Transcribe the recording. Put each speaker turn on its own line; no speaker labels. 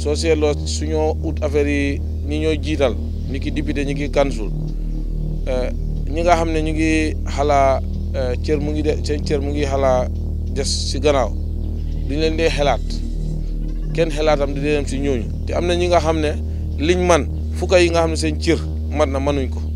soo seetloo suñoo ut affaire yi ñi ñooy jiital ñi ki député ñi ki kansul eh, ñi nga xam ne ñu ngi xalaa eh, cër mu ngi de seen cër mu ngi xalaa des si gannaaw duñ leen dee xelaat kenn xelaatam di dem si ñooñu te am na ñi nga xam ne liñ man fukka yi nga xam ne seen cër mat na manuñ ko